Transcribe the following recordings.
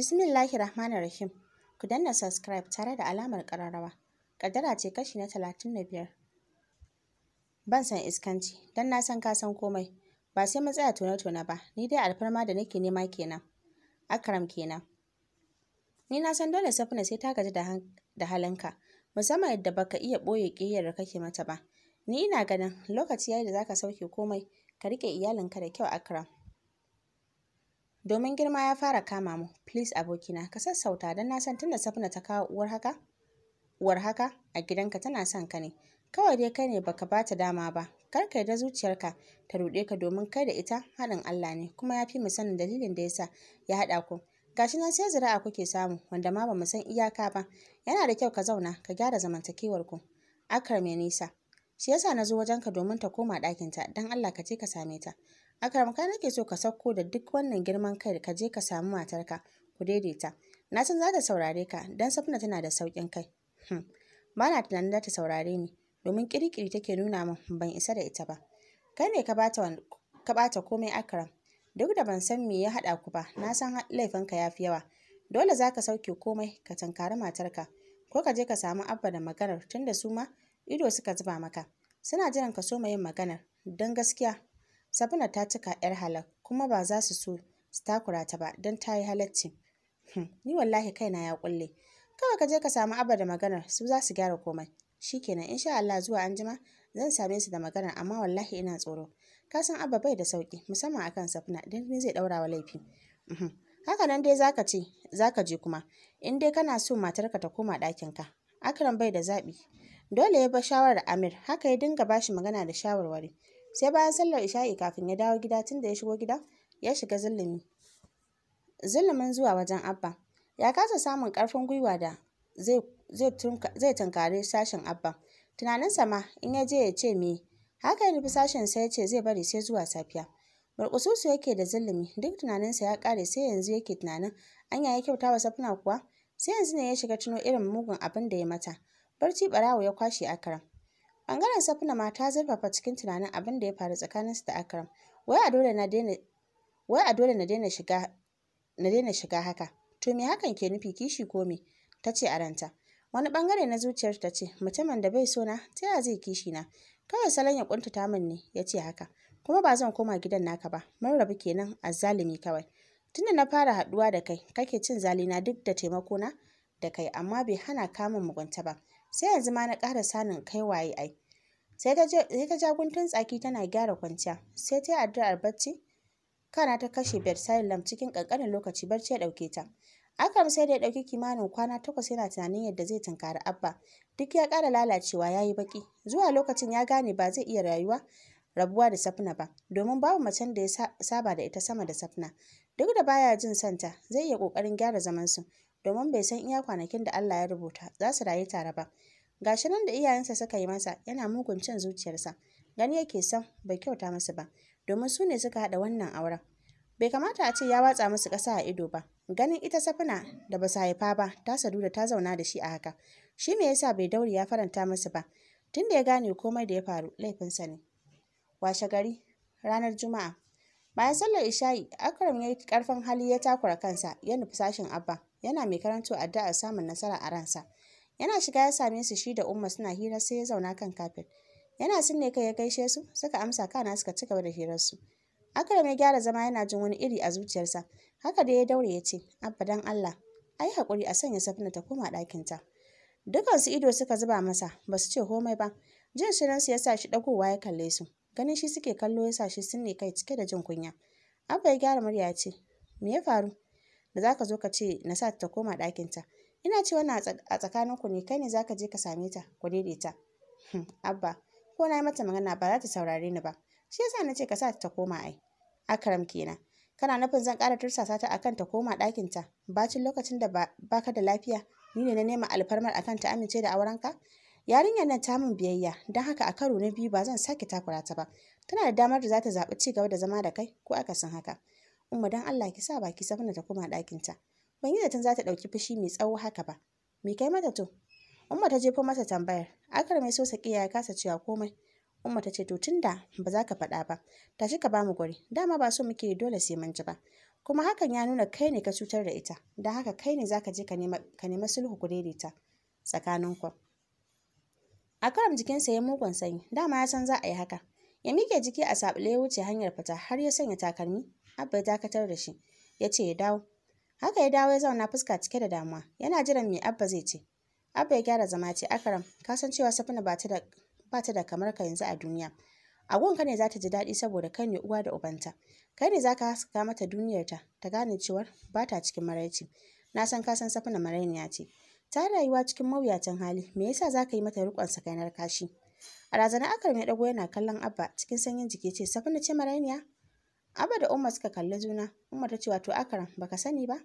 Bismillahi Rahmanir Rahim. Ku danna subscribe tare da alamar ƙararrawa. Kaddara ce kashi na talatin da biyar. Ban san iskanci, Dan na san ka san komai. Ba sai matsaya tsaya tona ba, ni dai alfarma da nake nema kenan. Akram kenan. Ni na san dole Safina sai ta gaji da da halinka, musamman yadda baka iya ɓoye ƙiyayyar da kake mata ba. Ni ina ganin lokaci yayi da zaka sauke komai, ka rike iyalinka da kyau Akram. Domin girma ya fara kama mu, please abokina, ka sassauta don na san tunda safuna ta kawo uwar haka, uwar haka a gidanka tana son ka ne. Kawai dai kai ne baka ba ta dama ba, kar ka yarda zuciyarka ta ruɗe ka domin kai da ita haɗin Allah ne, kuma ya fi mu sanin dalilin da yasa ya haɗa ku. Gashi nan sai zira'a kuke samu wanda ma ba mu san iyaka ba. Yana da kyau ka zauna ka gyara zamantakewar ku. Akar mai nisa. Shi yasa na zo wajenka domin ta koma ɗakinta, don Allah ka je ka same ta. Akram ka nake so ka sauko da duk wannan girman kai da ka je ka samu matarka ku daidaita. Na san za ta saurare ka dan Safna tana da saukin kai. Hmm. Ba na tunanin za ta saurare ni domin kirkiri take nuna min ban isa da ita ba. Kai ne ka bata ka bata komai Akram. Duk da ban san me ya haɗa ku ba, na san laifinka ya fi yawa. Dole za ka sauke komai ka tankari matarka, ko ka je ka samu abba da maganar tunda su ma ido suka zuba maka. Suna jiran ka so yin maganar, don gaskiya Sabina ta cika 'yar halar kuma ba za su so su takura ta ba don ta yi halacci. Hmm, ni wallahi kaina ya kulle. Kawai ka je ka samu Abba da maganar su za su gyara komai. shi kenan in sha Allah zuwa anjima zan same su da maganar amma wallahi ina tsoro. Ka san Abba bai da sauki musamman akan Safina don ni zai daura wa laifi. Hmm, haka nan dai zaka ce zaka je kuma in dai kana so matarka ta koma ɗakinka. Akram bai da zaɓi. Dole ya bar shawarar Amir haka ya dinga bashi magana da shawarwari. sai bayan sallar isha'i kafin ya dawo gida tun da ya shigo gida ya shiga zulumi zulumin zuwa wajen abba ya kasa samun karfin gwiwa da zai tunkari sashen abba tunaninsa ma in ya je ya ce me haka ya nufi sashen sai ya ce zai bari sai zuwa safiya Barkususu yake da zulumi duk tunaninsa ya kare sai yanzu yake tunanin an ya kyauta wa safina kuwa sai yanzu ne ya shiga tuno irin mugun abin da ya mata barci barawo ya kwashe akaram Bangaren Safina ma ta zurfafa cikin tunanin abin da ya faru tsakaninsu da Akram. Wai a dole na daina shiga haka. To me hakan ke nufi kishi ko me? Ta ce a ranta. Wani bangare na zuciyar ta ce mutumin da bai so na ta yaya zai kishi na. Kawai salon ya kuntata min ne ya ce haka. Kuma ba zan koma gidan naka ba. Mun rabu kenan azzalumi kawai. Tunda na fara haduwa da kai kake cin zalina duk da taimako da kai amma bai hana kamun mugunta ba. Sai yanzu ma na ƙara sanin kai waye ai. sai ta ja guntun tsaki tana gyara kwanciya sai ta yi addu'ar bacci kana ta kashe bed lam cikin kankanin lokaci barci ya dauke ta akram sai da ya dauki kimanin kwana takwas yana tunanin yadda zai tunkari abba duk ya kara lalacewa ya yi baƙi zuwa lokacin ya gane ba zai iya rayuwa rabuwa da safna ba domin babu macen da ya saba da ita sama da safna duk da baya jin santa zai iya ƙoƙarin gyara zamansu domin bai san iya kwanakin da allah ya rubuta za su rayu tare ba Gashi nan da iyayensa suka yi masa yana mugun cin zuciyarsa. Gani yake son bai kyauta masu ba, domin su ne suka haɗa wannan auren. Bai kamata a ce ya watsa musu ƙasa a ido ba. Ganin ita safina da ba sa haifa ba, ta sadu da ta zauna da shi a haka. Shi me yasa bai daure ya faranta musu ba? Tun da ya gane komai da ya faru laifinsa ne. Washe gari, ranar Juma'a. Bayan sallar Isha'i, Akram ya yi ƙarfin hali ya takura kansa, ya nufi sashin Abba, yana mai karanto addu'ar samun nasara a ransa. yana shiga ya same su shi da umma suna hira sai ya zauna kan kafet yana ne kai ya gaishe su suka amsa kana suka ci gaba da hirar su akram ya gyara zama yana jin wani iri a zuciyarsa haka da ya daure ya ce abba dan allah ai hakuri a sanya safina ta koma ɗakinta dukansu ido suka zuba masa ba su ce komai ba jin shirinsu ya sa shi ɗagowa ya kalle su ganin shi suke kallo ya sa shi sun ne kai cike da jin kunya abba ya gyara murya ya ce me ya faru da za ka zo ka ce na sa ta koma ɗakinta ina ce wannan a tsakaninku ne kai ne za ka je ka same ta ku daidaita hmm, abba ko na yi mata magana ba za ta saurare ni ba shi yasa na ce ka sa ta koma ai akram kenan kana nufin zan ƙara tursasa ta akan ta koma ɗakin ta bacin lokacin da baka da lafiya ni ne na nema alfarmar akan ta amince da aurenka yarinyar nan ta min biyayya don haka a karo na biyu ba zan sake takura ta ba tana da damar da za ta zaɓi ci gaba da zama da kai ko akasin haka umma don allah ki sa baki sabna ta koma ɗakin ta ban yi zaton za ta ɗauki fushi mai tsawo haka ba me kai mata to umma ta jefo mata tambayar akar mai so sakiya ya kasa cewa komai umma ta ce to tunda ba za ka faɗa ba tashi ka bamu gwari. dama ba so muke dole sai mun ji ba kuma hakan ya nuna kai ne ka cutar da ita da haka kai ne za ka je ka nema sulhu ku daidaita tsakaninku a karam jikinsa ya mugun sanyi dama ya san za a yi haka ya miƙe jiki a saɓule ya wuce hanyar fita har ya sanya takalmi abba ya dakatar da shi ya ce ya dawo Haka ya dawo ya zauna fuska cike da damuwa. Yana jiran me Abba zai ce. Abba ya gyara zama ce Akram, ka san cewa Safina ba ta da ba kamar ka yanzu a duniya. A ka ne za ta ji daɗi saboda kai ne uwa da ubanta. Kai ne za ka haska mata duniyarta ta gane cewar ba ta cikin maraici. Na san ka san Safina marainiya ce. Ta rayuwa cikin mawuyacin hali, me yasa za ka yi mata riƙon sakainar kashi? A razana Akaram ya ɗago yana kallon Abba cikin sanyin jiki ce, Safina ce marainiya? Abba da Umma suka kalli juna, Umma ta ce wato Akram baka sani ba?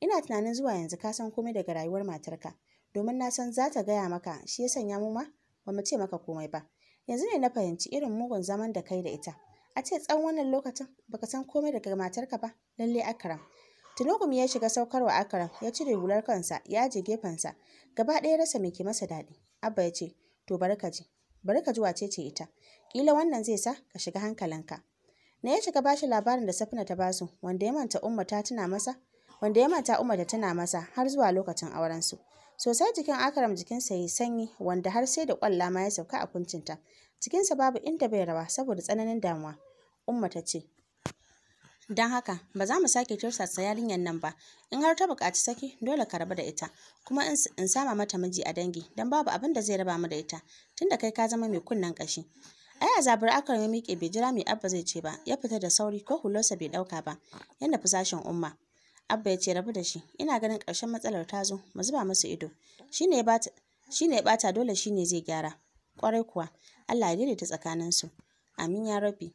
Ina tunanin zuwa yanzu ka san komai daga rayuwar matarka domin na san za ta gaya maka shi ya sanya mu ma ba mu ce maka komai ba. Yanzu ne na fahimci irin mugun zaman da kai da ita. A ce tsawon wannan lokacin baka san komai daga matarka ba lalle Akram. Tunugum ya shiga saukarwa Akram ya cire hular kansa ya je gefensa gaba ɗaya rasa mai ke masa daɗi. Abba ya ce to bari ka ji bari ka ji wace ce ita. Kila wannan zai sa ka shiga hankalinka. na ya shiga bashi labarin da safina ta basu wanda ya manta umma ta tuna masa wanda ya manta umma ta tuna masa har zuwa lokacin auren su sosai jikin akaram jikinsa yi sanyi wanda har sai da kwalla ma ya sauka a kuncinta jikinsa babu inda bai rawa saboda tsananin damuwa umma ta ce dan haka ba za mu sake tursasa yarinyar nan ba in har ta buƙaci saki dole ka rabu da ita kuma in sama mata miji a dangi dan babu abin da zai raba mu da ita tunda kai ka zama mai kunnen ƙashi Aya zabar akan ya miƙe bai jira mai Abba zai ce ba, ya fita da sauri ko hularsa bai ɗauka ba, Yana fi sashen Umma. Abba ya ce rabu da shi, ina ganin ƙarshen matsalar ta zo, mu zuba masa ido. Shi ne ya ɓata dole shi ne zai gyara. Ƙwarai kuwa, Allah ya daidaita tsakaninsu. Amin ya rabbi.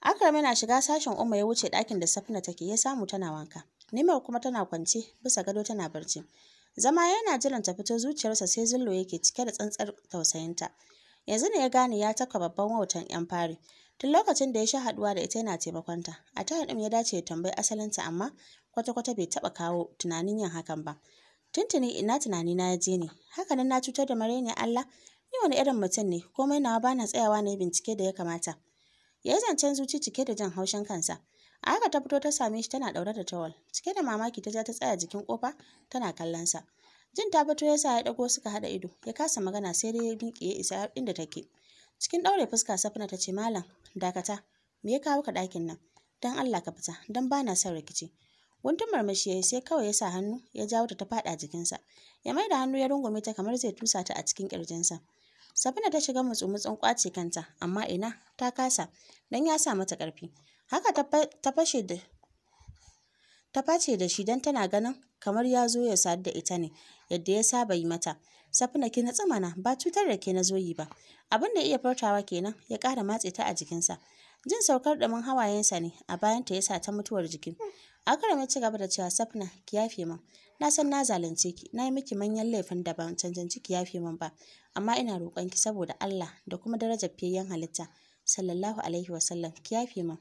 Akram yana shiga sashen Umma ya wuce ɗakin da Safina take ya samu tana wanka. Nimar kuma tana kwance bisa gado tana barci. Zama yana jiran ta fito zuciyarsa sai zullo yake cike da tsantsar tausayinta. yanzu ne ya gane ya taka babban wautan yan fari tun lokacin da ya sha haduwa da ita yana taimakonta a tayin ɗin ya dace ya tambayi asalinta amma kwata-kwata bai taba kawo tunanin yin hakan ba tuntuni ina tunani na je ne haka nan na cutar da ne Allah ni wani irin mutum ne komai nawa bana tsayawa na bincike da ya kamata ya zancen zuci cike da jan haushin kansa a haka ta fito ta same shi tana daure da tawal cike da mamaki ta ja ta tsaya jikin kofa tana kallon sa Jin ta fito ya sa ya dago suka haɗa ido, ya kasa magana sai dai ya miƙe ya isa inda take. Cikin ɗaure fuska Safina ta ce, Malam, dakata, me ya kawo ka ɗakin nan? Don Allah ka fita, don ba na son rikici. Guntun marmashi ya sai kawai ya sa hannu ya jawo ta ta faɗa jikinsa. Ya mai da hannu ya rungume ta kamar zai tusa ta a cikin ƙirjinsa. Safina ta shiga mutsumutsun kwace kanta, amma ina ta kasa, don ya sa mata ƙarfi. Haka ta fashe face da shi don tana ganin kamar ya zo ya sadu da ita ne yadda ya saba yi mata safina ki natsa mana ba cutar da ke na zo yi ba abin da iya fartawa kenan ya kara matse ta a jikinsa jin saukar ɗumin hawayensa ne a bayan ta yasa ta mutuwar jikin akaram ya ci gaba da cewa safina ki yafe min na san na zalunce ki na yi miki manyan laifin da ban cancanci ki yafe min ba amma ina roƙon ki saboda Allah da kuma darajar fiyayyen halitta sallallahu alaihi wasallam ki yafe min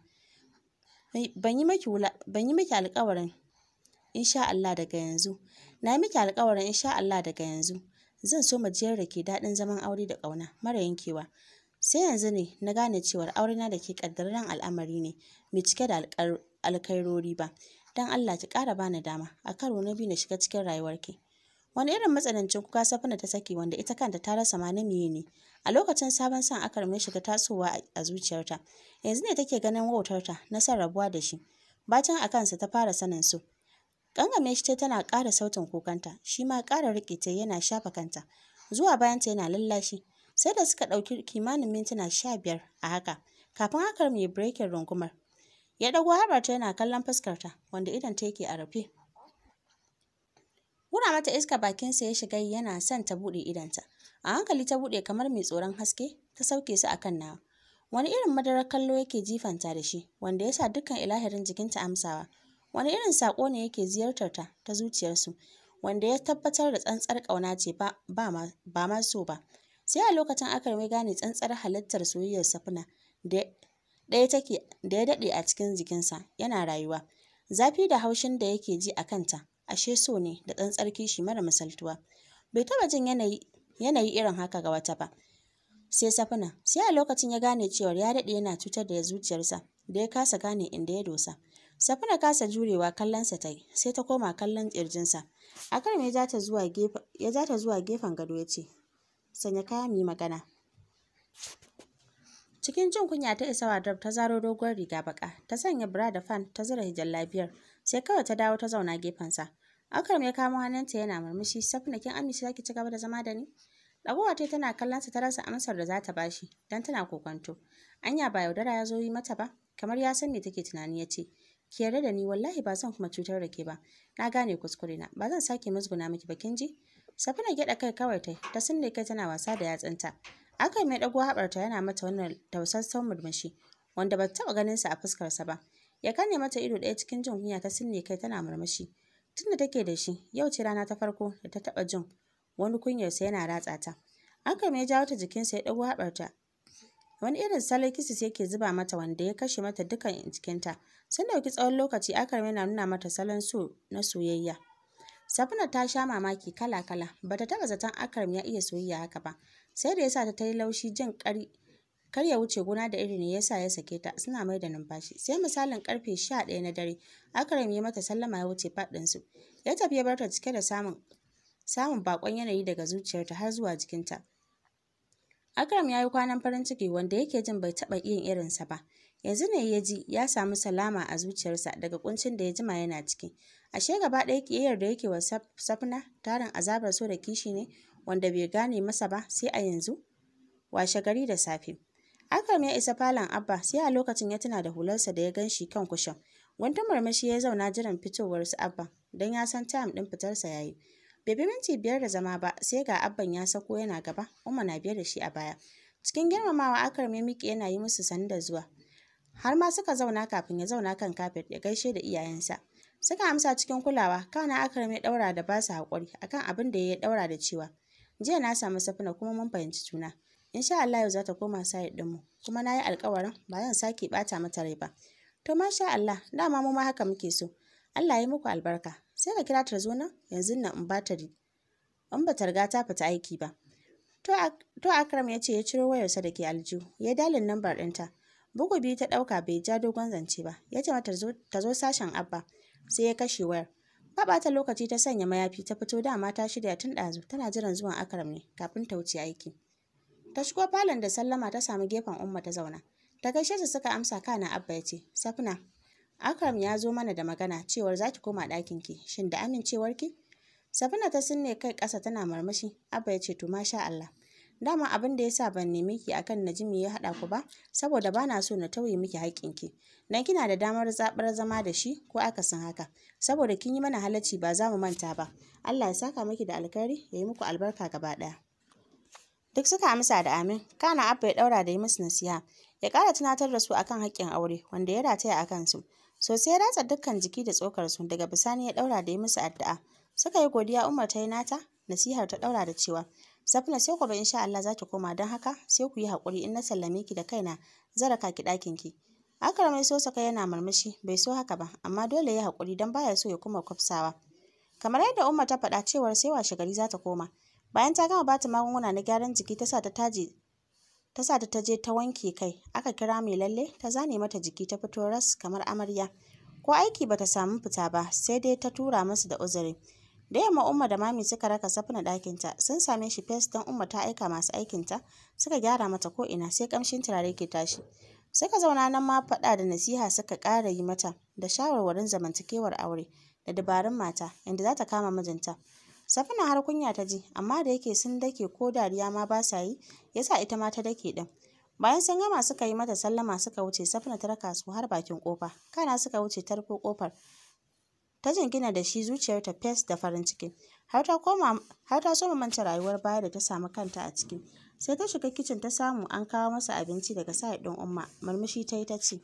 ban yi miki alƙawarin insha Allah daga yanzu. Na miki alƙawarin insha Allah daga yanzu. Zan so majiyar da ke daɗin zaman aure da ƙauna mara yankewa. Sai yanzu ne na gane cewar aurena da ke ƙaddararren al'amari ne, mai cike da alkairori ba. Don Allah ki ƙara bani dama, a karo na biyu na shiga cikin rayuwarki. Wani irin matsanancin kuka safina ta saki wanda ita kanta ta rasa ma na miye ne. A lokacin sabon san aka rame shiga tasowa a zuciyarta. Yanzu ne take ganin wautarta na son rabuwa da shi. Bacin a kansa ta fara sanin su. Ƙangame shi tana ƙara sautin kukanta, shi ma ƙara riƙe ta yana shafa kanta. Zuwa bayanta yana lallashi. Sai da suka ɗauki kimanin mintuna sha biyar a haka, kafin hakar mai birekin rungumar. Ya ɗago haɓarta yana kallon fuskarta, wanda idan ta yake a rufe. Wura mata iska bakinsa ya shiga yana son ta buɗe idanta. A hankali ta buɗe kamar mai tsoron haske, ta sauke su akan nawa. Wani irin madarar kallo yake jifanta da shi, wanda ya sa dukkan ilahirin jikinta amsawa. wani irin sako ne yake ziyartar ta ta zuciyarsu wanda ya tabbatar da tsantsar ƙauna ce ba, ma so ba sai a lokacin aka mai gane tsantsar halittar soyayyar safina da ɗaya take da ya daɗe a cikin jikinsa yana rayuwa zafi da haushin da yake ji a kanta ashe so ne da tsantsar kishi mara misaltuwa bai taɓa jin yanayi irin haka ga wata ba sai safina sai a lokacin ya gane cewar ya daɗe yana cutar da zuciyarsa da ya kasa gane inda ya dosa Safina kasa jurewa kallonsa ta yi, sai ta koma kallon ƙirjinsa. A kan ya ja ta zuwa gefen gado ya ce, sanya kaya mu magana. Cikin jin kunya ta isa wa wadar ta zaro dogon riga baka, ta sanya bra da fan ta zura hijab lafiyar, sai kawai ta dawo ta zauna gefen gefensa. Akram ya kamo hannunta yana murmushi, Safina kin amince zaki ci gaba da zama da ni? Ɗagowa ta tana kallon sa ta rasa amsar da za ta bashi, don tana kokonto. Anya ba yaudara ya zo yi mata ba, kamar ya san me take tunani ya ce, Ki yarda da ni wallahi ba zan kuma cutar da ke ba. Na gane kuskure na. Ba zan sake musguna miki ba kin ji? Safina gyaɗa kai kawai ta ta sun kai tana wasa da yatsanta. Akai mai ɗago haɓarta yana mata wannan tausassan murmushi, wanda ba taɓa sa a fuskarsa ba. Ya kane mata ido ɗaya cikin jin kunya ta sinne kai tana murmushi. Tunda take da shi, yau ce rana ta farko da ta taba jin wani kunyarsa yana ratsa ta. Akai mai jawo ta jikin sa ya dago haɓarta, wani irin salon kisis yake zuba mata wanda ya kashe mata dukan cikinta sun dauki tsawon lokaci akarme na nuna mata salon su na soyayya safina ta sha mamaki kala kala bata taba zaton akarme ya iya soyayya haka ba sai da yasa ta ta yi laushi jin kari kar ya wuce gona da iri ne sa ya sake ta suna mai da numfashi sai misalin karfe 11 na dare akaram ya mata sallama ya wuce faɗin su ya tafi ya barta cike da samun samun bakon yanayi daga zuciyarta har zuwa jikinta Akram ya yi kwanan farin ciki wanda yake jin bai taɓa yin irinsa ba. Yanzu ne ya ji ya samu salama a zuciyarsa daga kuncin da ya jima yana ciki. Ashe gaba ɗaya ƙiyayyar da yake wa Safna tarin azabar so da kishi ne wanda bai gane masa ba sai a yanzu washe gari da safe. Akram ya isa falon Abba sai a lokacin ya tuna da hularsa da ya gan shi kan kushin. Wani murmushi ya zauna jiran fitowar su Abba don ya san tam ɗin fitarsa ya yi. Bai bi minti biyar da zama ba sai ga abban ya sako yana gaba, umar na biyar da shi a baya. Cikin girmamawa Akram muke yana yi musu da zuwa. Har ma suka zauna kafin ya zauna kan kafet ya gaishe da iyayensa. Suka amsa cikin kulawa, kana Akram ya daura da ba su haƙuri akan abin da ya daura da cewa. Jiya na samu safina kuma mun fahimci juna. Insha Allah yau za ta koma sayid ɗinmu, kuma na yi alkawarin ba zan sake bata mata rai ba. To masha Allah, dama mu ma haka muke so. Allah ya yi muku albarka. sai ka kira ta zo nan yanzu nan in ba ta in ba ta riga ta fita aiki ba to akram ya ce ya ciro wayarsa da ke aljihu ya dalin lambar ɗinta bugu biyu ta ɗauka bai ja dogon zance ba ya ce mata ta zo sashen abba sai ya kashe wayar ba ɓata lokaci ta sanya mayafi ta fito dama ta shirya tun ɗazu tana jiran zuwan akram ne kafin ta wuce aiki ta shigo falon da sallama ta samu gefen umma ta zauna ta gaishe su suka amsa kana abba ya ce safna Akram ya zo mana da magana cewar za ki koma ki shin da amincewar ki. Safina ta sinne kai ƙasa tana marmashi, Abba ya ce to masha Allah. Dama abin da sa ban nemi ki akan Najimi ya haɗa ku ba, saboda bana so na tauye miki ki Dan kina da damar zaɓar zama da shi ko aka san haka, saboda kin yi mana halacci ba za mu manta ba. Allah ya saka miki da alkhairi ya yi muku albarka gaba ɗaya. Duk suka amsa da amin, kana Abba ya ɗaura da yi musu nasiha, ya ƙara tunatar da su akan haƙƙin aure wanda ya rataya a kansu. Sosai ya ratsa dukkan jiki da tsokarsu daga bisani ya daura da ya musu addu'a. Suka yi godiya Umar ta yi nata, nasihar ta daura da cewa Safina sai gobe insha Allah za ki koma don haka sai ku yi hakuri in na sallame ki da kaina zaraka ki dakin ki. akara ya so saka yana murmushi bai so haka ba amma dole ya hakuri don baya so ya kuma kwafsawa. Kamar yadda Umar ta faɗa cewar sai washe gari za ta koma. Bayan ta gama bata magunguna na gyaran jiki ta sa ta taje ta sa ta je ta wanke kai aka kira mai lalle ta zane mata jiki ta fito ras kamar amarya ko aiki bata samu fita ba sai dai ta tura masu da uzuri da yamma umma da mami suka raka safina ta sun same shi fes don umma ta aika masu aikin ta suka gyara mata ko ina sai kamshin turare ke tashi suka zauna nan ma faɗa da nasiha suka ƙara yi mata da shawarwarin zamantakewar aure da dabarun mata inda za ta kama mijinta Safina har kunya ta ji, amma da yake sun dake ko dariya ma ba sa yi, yasa ita ma ta dake ɗin. Bayan sun gama suka yi mata sallama suka wuce, Safina ta raka su har bakin kofa Kana suka wuce ta kofar Ta jingina da shi zuciyarta fes da farin ciki. Har ta koma har ta soma manta rayuwar baya da ta samu kanta a ciki. Sai ta shiga kicin ta samu an kawo masa abinci daga sa'id ɗin Umma, murmushi ta yi ta ce.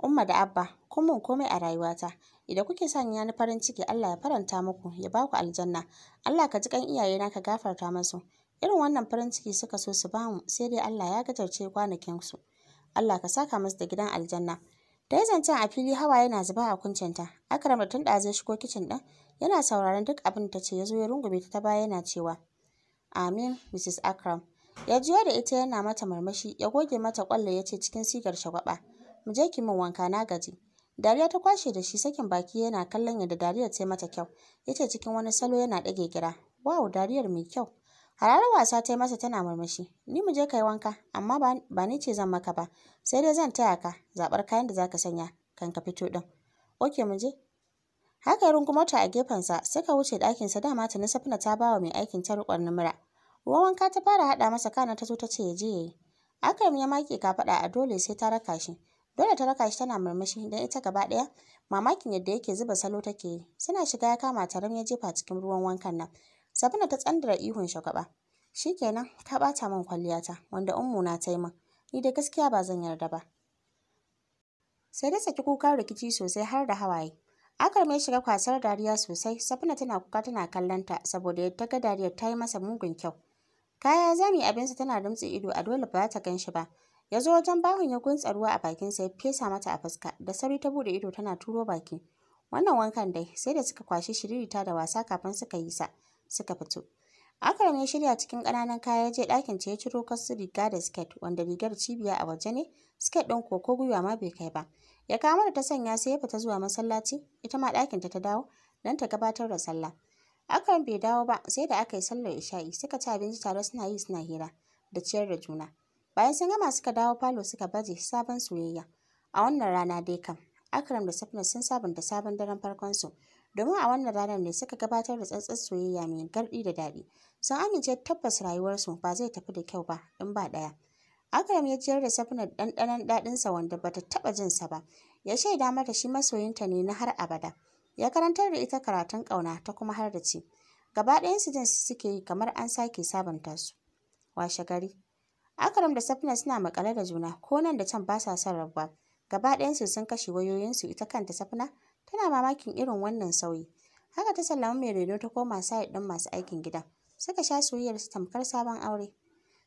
Umma da Abba, kun mun komai a rayuwata. Idan kuke sanya ni farin ciki, Allah ya faranta muku, ya baku aljanna. Allah ka ji kan iyayena ka gafarta musu. Irin wannan farin ciki suka so su ba mu, sai dai Allah ya gajarce su Allah ka saka musu da gidan aljanna. Da ya zancen a fili hawa yana zuba a kuncinta. Akram da tun shigo kicin ɗin, yana sauraron duk abin da ta ce ya zo ya rungume ta baya yana cewa, Amin, Mrs. Akram. Ya juya da ita yana mata marmashi, ya goge mata kwallo ya ce cikin sigar shagwaba. mu je ki min wanka na gaji dariya ta kwashe da shi sakin baki yana kallon yadda dariyar ta mata kyau yace cikin wani salo yana ɗage gira wow dariyar mai kyau hararar wasa ta masa tana murmushi ni mu je kai wanka amma ba ni ce zan maka ba sai dai zan taya ka zaɓar kayan da zaka sanya kan ka fito ɗin oke mu je haka ya mota a gefensa suka wuce ɗakinsa dama ta safina ta bawa mai aikin ta riƙon numura ruwan wanka ta fara haɗa masa kana ta zo ta ce ya je ya yi Akram ya make kafaɗa a dole sai ta raka shi Dole ta raka shi tana murmushi don ita gaba ɗaya mamakin yadda yake zuba salo take yi. Suna shiga ya kama ta ya jefa cikin ruwan wankan nan. Sabina ta tsandara ihun shi kenan ka ɓata min kwalliyata wanda ummu na ta yi min. Ni da gaskiya ba zan yarda ba. Sai dai saki kuka rikici sosai har da hawaye. Akar mai shiga kwasar dariya sosai, Safina tana kuka tana kallon ta saboda yadda ga dariyar ta yi masa mugun kyau. Kaya zami abinsa tana rumtse ido a dole ba ta gan shi ba, Ya wajen bahun ya gunsa ruwa a sa ya fesa mata a fuska da sauri ta bude ido tana turo baki. Wannan wankan dai sai da suka kwashi shiririta da wasa kafin suka yi sa suka fito. Akram ya shirya cikin kananan kaya ya je ɗakin ta ya ciro kasu riga da siket wanda rigar cibiya a waje ne siket ɗin ko ko gwiwa ma bai kai ba. Ya kama da ta sanya sai ya fita zuwa masallaci ita ma ɗakin ta ta dawo don ta gabatar da sallah. Akram bai dawo ba sai da aka yi sallar isha'i suka ci abinci tare suna yi suna hira da ciyar da juna. Bayan sun gama suka dawo falo suka baje sabon soyayya. A wannan rana dai kam, Akram da Safna sun sabunta sabon daren farkon su, Domin a wannan ranar ne suka gabatar da tsantsan soyayya mai garɗi da daɗi. Sun amince tabbas rayuwarsu ba zai tafi da kyau ba in ba ɗaya. Akram ya ciyar da Safna ɗanɗanon daɗinsa wanda ba bata taɓa sa ba. Ya shaida mata shi masoyinta ne na har abada. Ya karantar da ita karatun ƙauna ta kuma har da ci. Gaba ɗayansu jin suke yi kamar an sake sabunta su. Washe gari. Akram da Safina suna makale da juna ko nan da can ba sa son rabuwa. Gaba su sun kashe wayoyin su ita kanta Safina tana mamakin irin wannan sauyi. Haka ta sallama mai reno ta koma sai din masu aikin gida. Suka sha su tamkar sabon aure.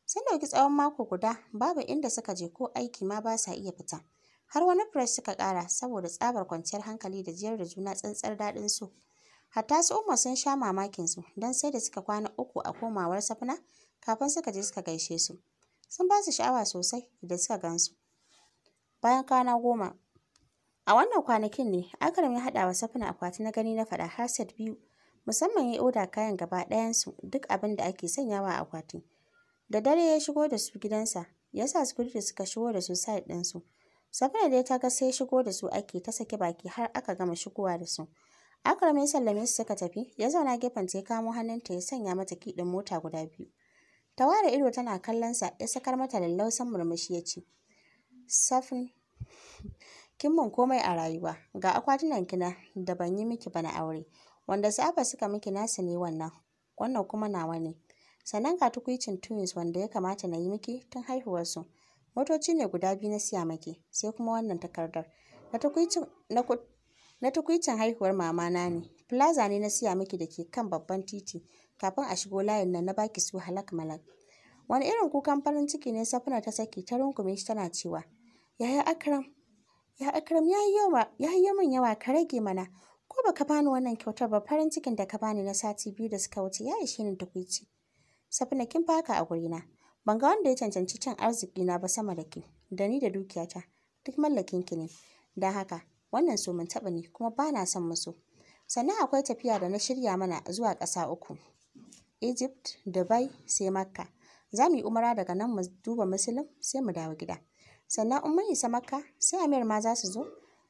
Sun ɗauki tsawon mako guda babu inda suka je ko aiki ma ba sa iya fita. Har wani press suka kara saboda tsabar kwanciyar hankali da jiyar da juna tsantsar daɗin su. Hatta su Umma sun sha mamakin su don sai da suka kwana uku a komawar Safina kafin suka je suka gaishe su. sun ba su sha'awa sosai da suka gansu. Bayan kwana goma, a wannan kwanakin ne Akram ya haɗa wa Safina akwati na gani na faɗa har set biyu, musamman ya oda kayan gaba ɗayansu duk abin da ake sanyawa a akwati. Da dare ya shigo da su gidansa, ya sa da suka shigo da su side ɗinsu. Safina dai ta ga sai shigo da su ake ta sake baki har aka gama shigowa da su. Akram ya sallame su suka tafi, ya zauna gefen ta ya kamo hannunta ya sanya mata kiɗin mota guda biyu. Ta ware ido tana kallonsa ya sakar mata lallausan murmushi ya ce, Safin, kin mun komai a rayuwa, ga akwatunan kina da ban yi miki ba na aure, wanda safa suka miki nasu ne wannan, wannan kuma nawa ne. Sannan ga tukwicin twins wanda ya kamata na yi miki tun haihuwarsu. Motoci ne guda biyu na siya maki, sai kuma wannan takardar. Na tukwicin haihuwar mamana ne, plaza ne na siya miki da ke kan babban titi. kafin a shigo layin nan na baki su halak malak wani irin kukan farin ciki ne safina ta saki ta rungume shi tana cewa yaya akram ya akram ya yi yawan yawa ka rage mana ko baka bani wannan kyautar ba farin cikin da ka bani na sati biyu da suka wuce ya ishe ni tukuici safina kin faka a gurina ban ga wanda ya cancanci cin arziki na ba sama da ke da ni da dukiyata duk mallakin ki ne Da haka wannan so mun taɓa ne kuma bana na son musu sannan akwai tafiya da na shirya mana zuwa ƙasa uku Egypt, Dubai sai Makka. Za mu yi umara daga nan mu duba musulun, sai mu dawo gida. Sannan in mun isa Makka sai Amir ma za su zo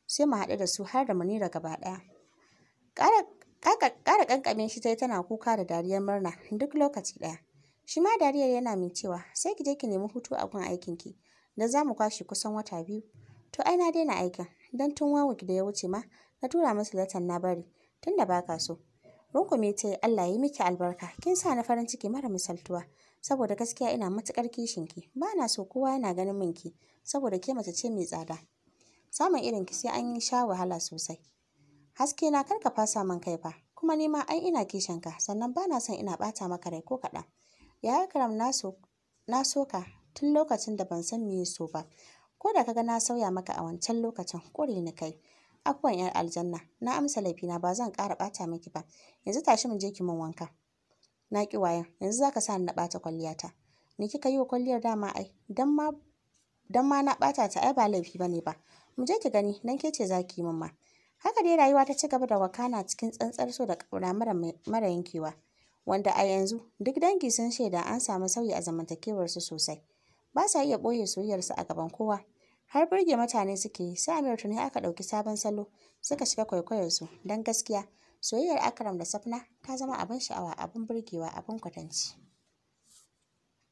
sai mu haɗu da su har da Munira gaba ɗaya. Ƙara ƙanƙamin shi tai tana kuka da dariyar murna duk lokaci ɗaya. Shi ma dariyar yana min cewa sai ki je ki nemi hutu a gun aikinki don za mu kwashe kusan wata biyu. To ai na daina aikin don tun wawik da ya wuce ma na tura masa latan na bari tun da ba so. Rungume ta yi Allah ya yi miki albarka, kin sa na farin ciki mara misaltuwa. Saboda gaskiya ina matuƙar kishinki, ba na so kowa yana ganin minki, saboda ke mace ce mai tsada. Samun irin ki sai an yi sha wahala sosai. Haske na karka fasa man kai ba, kuma ni ma ai ina ka sannan ba na son ina bata maka rai ko kaɗan. Ya Karam na so ka tun lokacin da ban san me so ba. Ko da kaga na sauya maka a wancan lokacin, ƙure ni kai. Afuwan 'yar aljanna, na amsa laifina ba zan ƙara bata miki ba. Yanzu tashi mu je ki min wanka. Na ki wayan, yanzu zaka sa ni na ɓata kwalliyata. Ni kika yi wa kwalliyar dama ai, dan ma dan ma na bata ta ai ba laifi bane ba. Mu je ki gani, dan ke ce za ki yi min ma. Haka dai rayuwa ta ci gaba da wakana cikin tsantsar so da ƙauna mara yankewa. Wanda a yanzu duk dangi sun shaida an samu sauyi a zamantakewarsu sosai. Ba sa iya ɓoye soyayyarsu a gaban kowa, har burge mutane suke yi sai Amir tuni aka ɗauki sabon salo suka shiga kwaikwayonsu don gaskiya soyayyar Akram da Safna ta zama abin sha'awa abin burgewa abin kwatanci.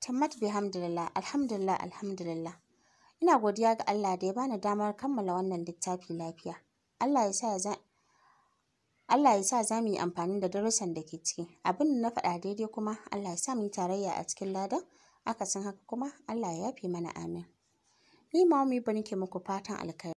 Tammat bihamdulillah alhamdulillah alhamdulillah ina godiya ga Allah da ya bani damar kammala wannan littafi lafiya Allah ya sa za Allah ya sa za mu yi amfani da darussan da ke ciki abin da na faɗa daidai kuma Allah ya sa mu yi tarayya a cikin ladan akasin haka kuma Allah ya yafe mana amin Ni Moummy ba ke muku fatan alkhairi.